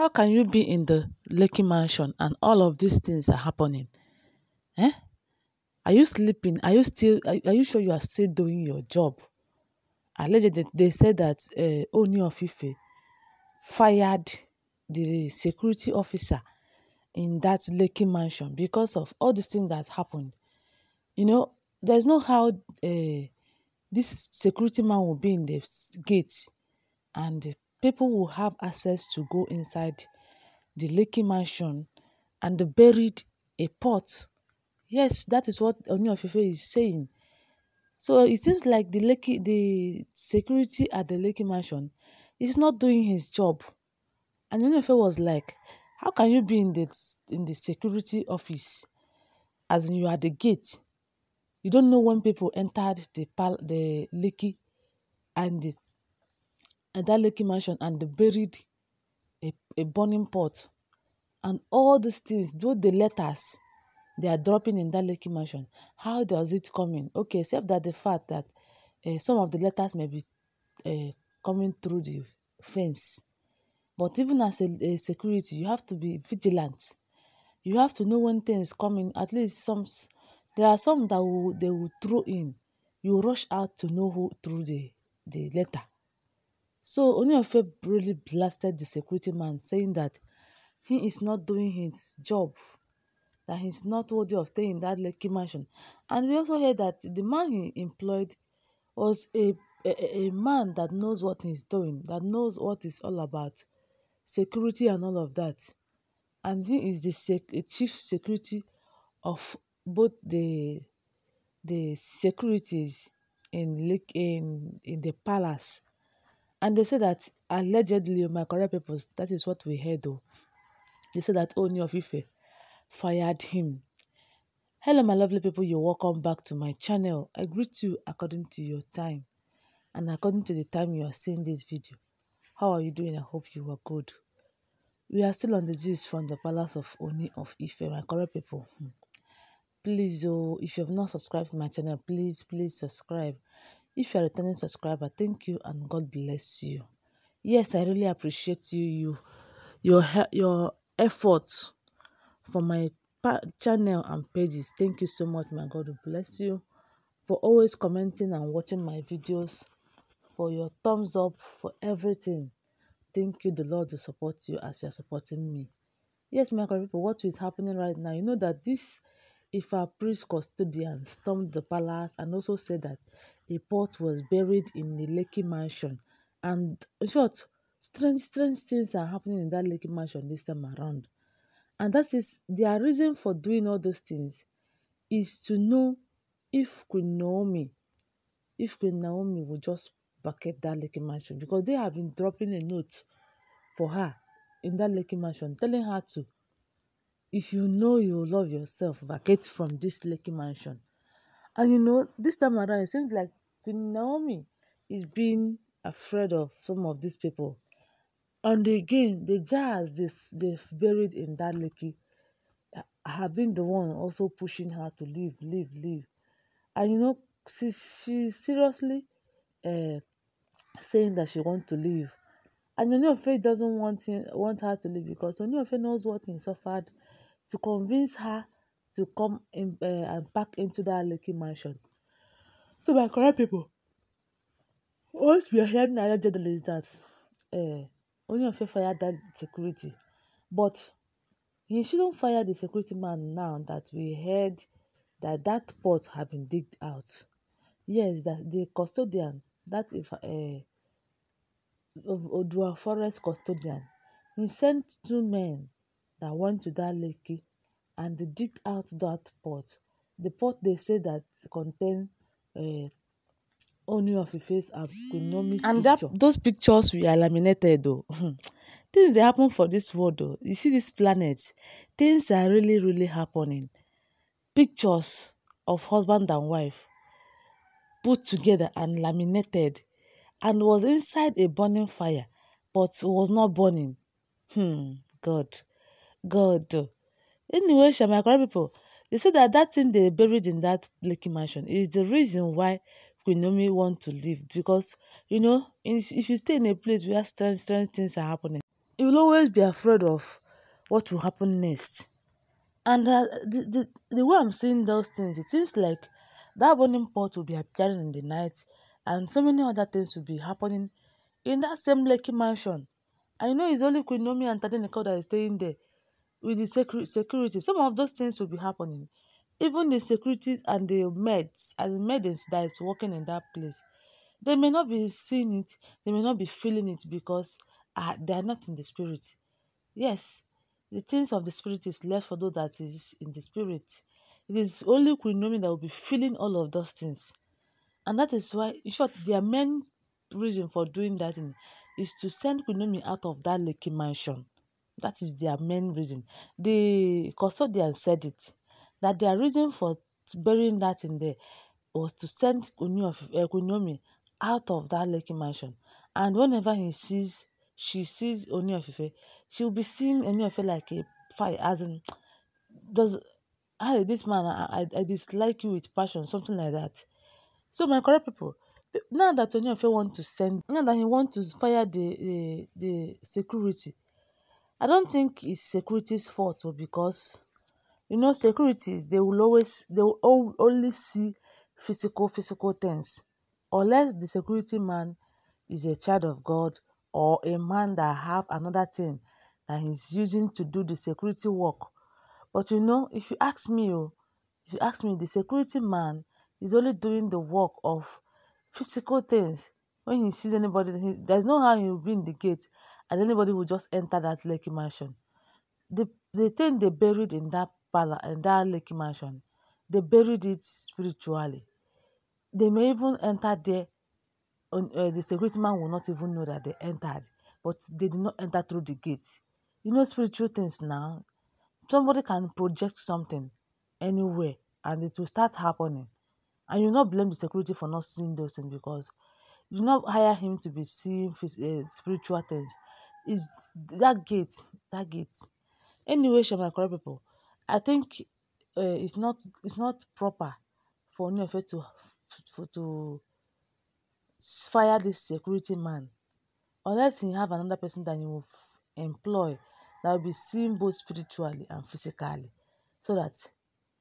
How can you be in the Lekki mansion and all of these things are happening? Eh? Are you sleeping? Are you still? Are, are you sure you are still doing your job? Allegedly, they, said that uh, Oni of fired the security officer in that Lekki mansion because of all these things that happened. You know, there's no how uh, this security man will be in the gate and people will have access to go inside the leaky mansion and buried a pot. Yes, that is what Oni is saying. So it seems like the Lekki, the security at the Lekki mansion is not doing his job. And Oni was like, how can you be in the, in the security office as you are the gate? You don't know when people entered the, pal- the Lekki and the at that Lekki mansion and they buried a, a burning pot. And all these things, though the letters they are dropping in that Lekki mansion, how does it come in? Okay, except that the fact that uh, some of the letters may be uh, coming through the fence. But even as a, a, security, you have to be vigilant. You have to know when things coming. At least some, there are some that will, they will throw in. You rush out to know who threw the the letter. So Oniofe really blasted the security man, saying that he is not doing his job, that he's not worthy of staying in that lucky mansion. And we also heard that the man he employed was a, a, a man that knows what he's doing, that knows what it's all about, security and all of that. And he is the sec- chief security of both the the securities in Lake in in the palace And they say that allegedly, my correct people. that is what we heard though. They say that Oni oh, of Ife fired him. Hello, my lovely people, you're welcome back to my channel. I greet you according to your time and according to the time you are seeing this video. How are you doing? I hope you are good. We are still on the juice from the palace of Oni of Ife, my correct people. Hmm. Please, oh, if you have not subscribed to my channel, please, please subscribe If you are returning subscriber, thank you and God bless you. Yes, I really appreciate you, you your your effort for my channel and pages. Thank you so much. My God will bless you for always commenting and watching my videos, for your thumbs up, for everything. Thank you. The Lord will support you as you are supporting me. Yes, my God, people, what is happening right now? You know that this If Ifá priest custodian stormed the palace and also said that a pot was buried in the Lekki mansion. And in short, strange, strange things are happening in that Lekki mansion this time around. And that is their reason for doing all those things is to know if Queen Naomi, if Queen Naomi will just vacate that Lekki mansion because they have been dropping a note for her in that Lekki mansion telling her to if you know you love yourself, vacate from this Lekki mansion. And you know, this time around, it seems like Queen Naomi is being afraid of some of these people. And again, the jars they, they've buried in that Lekki uh, have been the one also pushing her to leave, leave, leave. And you know, she, she's seriously uh, saying that she wants to leave. And Oniofe doesn't want him, want her to leave because Oniofe knows what he suffered to convince her to come in, uh, and back into that lucky mansion. So, my correct people, what we are hearing now generally is that uh, only few fire that security, but you shouldn't fire the security man now that we heard that that pot had been digged out. Yes, that the custodian, that if uh, Odua Forest custodian, he sent two men that went to that lake and they digged out that pot. The pot they say that contain uh, eh, only of a face and Kunomi's and picture. that those pictures were laminated though. Oh. things dey happen for this world though. You see this planet, things are really really happening. Pictures of husband and wife put together and laminated and was inside a burning fire but was not burning. Hmm, God. God. In the my correct people, they say that that thing they buried in that Blakey mansion is the reason why Queen want to leave. Because, you know, if you stay in a place where strange, strange things are happening, you will always be afraid of what will happen next. And uh, the, the, the way I'm seeing those things, it seems like that burning pot will be appearing in the night and so many other things will be happening in that same Lekki mansion. I know it's only Queen and Tade Nicole that is staying there. with the security. Some of those things will be happening. Even the security and the meds and the medicines that is working in that place, they may not be seeing it, they may not be feeling it because uh, they are not in the spirit. Yes, the things of the spirit is left for those that is in the spirit. It is only Queen that will be feeling all of those things. And that is why, in short, their main reason for doing that is to send Queen out of that leaky mansion. That is their main reason. The custodian said it, that their reason for burying that in there was to send Oniomi eh, out of that lake mansion. And whenever he sees, she sees Oniofife, she will be seeing Oniofife like a fire, as in, does, hey, this man, I, I, I dislike you with passion, something like that. So my correct people, now that Oniofife want to send, now that he want to fire the, the, the security, I don't think it's security's fault o oh, because you know securities they will always they will only see physical physical things unless the security man is a child of God or a man that have another thing that he's using to do the security work. But you know, if you ask me, oh, if you ask me, the security man is only doing the work of physical things. When he sees anybody, there's no how he'll be in the gate and anybody will just enter that lake mansion. The, the thing they buried in that palace, in that lake mansion, they buried it spiritually. They may even enter there, on, uh, the security man will not even know that they entered, but they did not enter through the gate. You know, spiritual things now, somebody can project something anywhere and it will start happening. And you not blame the security for not seeing those things because you not hire him to be seeing uh, spiritual things. is that gate, that gate. Anyway, sha my correct people, I think uh, it's not it's not proper for any of you to for, to fire this security man unless he have another person that he will employ that will be seen both spiritually and physically so that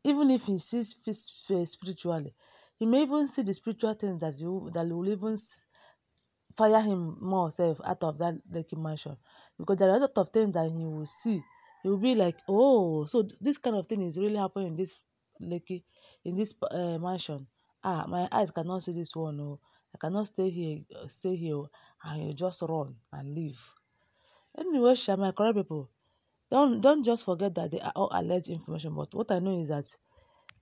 even if he sees eh, spiritually he may even see the spiritual things that you that will even fire him more self, out of that lucky mansion because there are a lot of things that he will see he will be like oh so this kind of thing is really happening in this lucky, in this uh, mansion ah my eyes cannot see this one oh i cannot stay here stay here oh. and you just run and leave anyway sha my correct people Don't don't just forget that they are all alleged information but what i know is that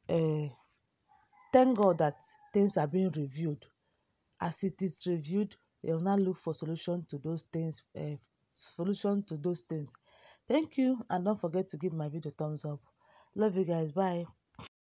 uh, thank god that things are being reviewed as it is reviewed they will now look for solution to those things uh, solution to those things thank you and don't forget to give my video thumbs up love you guys bye